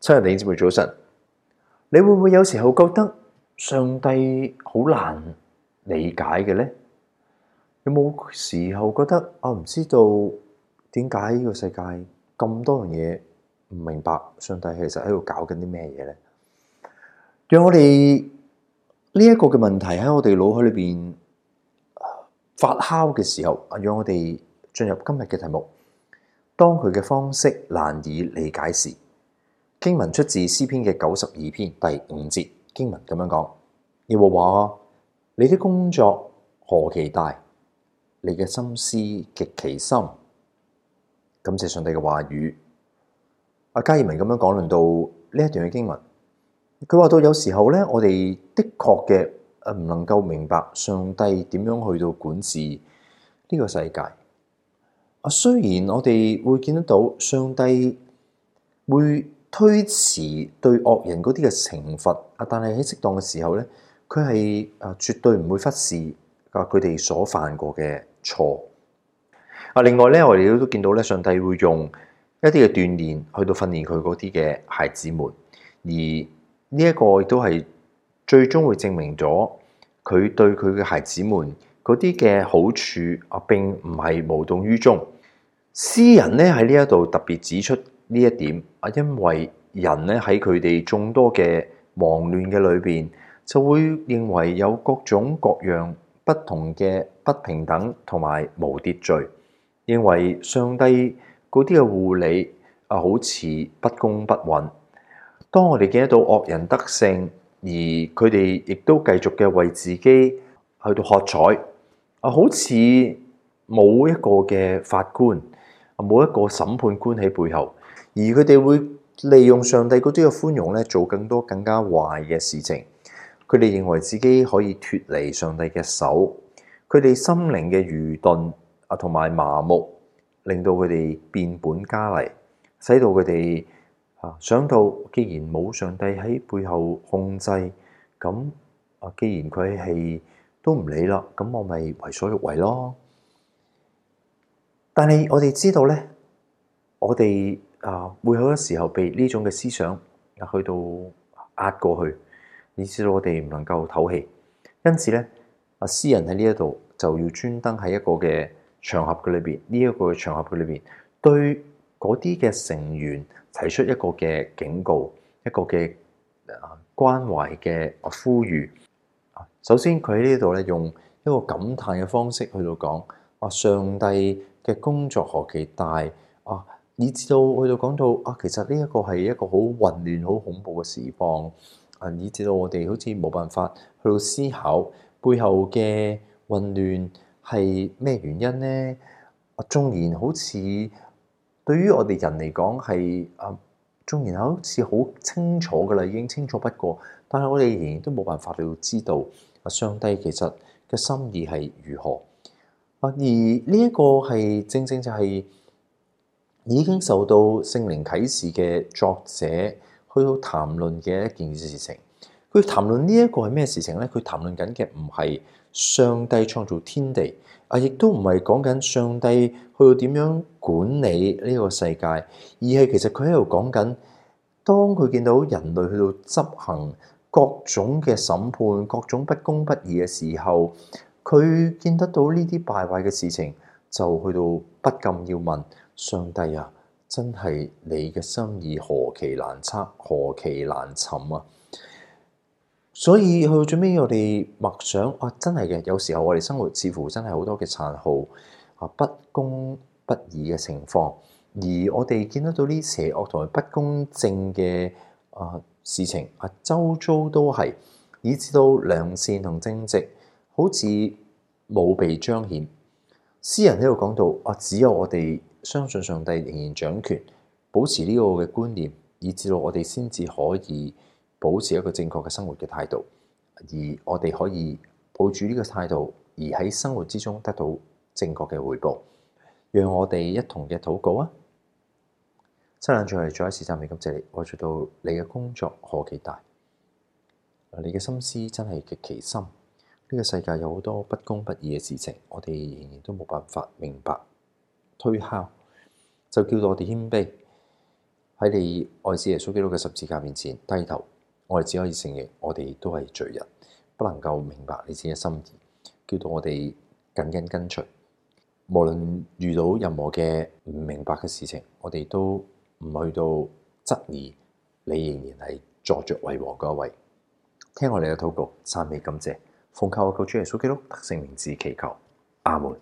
七日弟兄姊妹早晨，你會唔會有時候覺得上帝好難理解嘅咧？有冇時候覺得我唔、哦、知道點解呢個世界咁多樣嘢唔明白？上帝其實喺度搞緊啲咩嘢咧？讓我哋呢一個嘅問題喺我哋腦海裏邊發酵嘅時候，啊，讓我哋進入今日嘅題目。當佢嘅方式難以理解時。經文出自詩篇嘅九十二篇第五節，經文咁樣講：耶和華，你嘅工作何其大，你嘅心思極其深。感謝上帝嘅話語。阿加爾文咁樣講論到呢一段嘅經文，佢話到有時候咧，我哋的確嘅誒唔能夠明白上帝點樣去到管治呢個世界。啊，雖然我哋會見得到上帝會。推遲對惡人嗰啲嘅懲罰啊，但係喺適當嘅時候咧，佢係啊絕對唔會忽視啊佢哋所犯過嘅錯啊。另外咧，我哋都見到咧，上帝會用一啲嘅鍛鍊去到訓練佢嗰啲嘅孩子們，而呢一個亦都係最終會證明咗佢對佢嘅孩子們嗰啲嘅好處啊，並唔係無動於衷。詩人咧，喺呢一度特別指出。呢一點啊，因為人呢喺佢哋眾多嘅忙亂嘅裏邊，就會認為有各種各樣不同嘅不平等同埋無秩序，認為上帝嗰啲嘅護理啊好似不公不允。當我哋見得到惡人得勝，而佢哋亦都繼續嘅為自己去到喝彩啊，好似冇一個嘅法官，冇一個審判官喺背後，而佢哋會利用上帝嗰啲嘅寬容咧，做更多更加壞嘅事情。佢哋認為自己可以脫離上帝嘅手，佢哋心靈嘅愚鈍啊同埋麻木，令到佢哋變本加厲，使到佢哋啊想到，既然冇上帝喺背後控制，咁啊既然佢係都唔理啦，咁我咪為所欲為咯。但係我哋知道咧，我哋啊會好多時候被呢種嘅思想去到壓過去，以至到我哋唔能夠透氣。因此咧，啊詩人喺呢一度就要專登喺一個嘅場合嘅裏邊，呢、這、一個嘅場合嘅裏邊，對嗰啲嘅成員提出一個嘅警告，一個嘅啊關懷嘅啊呼籲。啊，首先佢喺呢度咧用一個感嘆嘅方式去到講，啊上帝嘅工作何其大啊！以至到去到講到啊，其實呢一個係一個好混亂好恐怖嘅時況啊！以至到我哋好似冇辦法去到思考背後嘅混亂係咩原因咧？啊，縱然好似對於我哋人嚟講係啊，縱然好似好清楚噶啦，已經清楚不過，但係我哋仍然都冇辦法去到知道啊，上帝其實嘅心意係如何？而呢一個係正正就係已經受到聖靈啟示嘅作者去到談論嘅一件事情。佢談論呢一個係咩事情呢？佢談論緊嘅唔係上帝創造天地，啊，亦都唔係講緊上帝去到點樣管理呢個世界，而係其實佢喺度講緊，當佢見到人類去到執行各種嘅審判、各種不公不義嘅時候。佢見得到呢啲敗壞嘅事情，就去到不禁要問上帝啊！真係你嘅心意何其難測，何其難尋啊！所以去到最尾，我哋默想啊，真係嘅有時候我哋生活似乎真係好多嘅殘酷、啊、不公不義嘅情況，而我哋見得到呢邪惡同埋不公正嘅啊事情啊，周遭都係，以致到良善同正直，好似冇被彰顯，詩人喺度講到啊，只有我哋相信上帝仍然掌權，保持呢個嘅觀念，以至到我哋先至可以保持一個正確嘅生活嘅態度，而我哋可以抱住呢個態度，而喺生活之中得到正確嘅回報。讓我哋一同嘅禱告啊！七兩聚再一次讚美，感謝你，我做到你嘅工作何其大，你嘅心思真係極其深。呢個世界有好多不公不義嘅事情，我哋仍然都冇辦法明白推敲，就叫做我哋謙卑喺你愛子耶穌基督嘅十字架面前低頭。我哋只可以承認，我哋都係罪人，不能夠明白你自己嘅心意，叫到我哋緊緊跟隨。無論遇到任何嘅唔明白嘅事情，我哋都唔去到質疑你，仍然係坐著為王嘅一位。聽我哋嘅禱告，讚美感謝。奉靠我救主耶穌基督得勝名字祈求，阿門。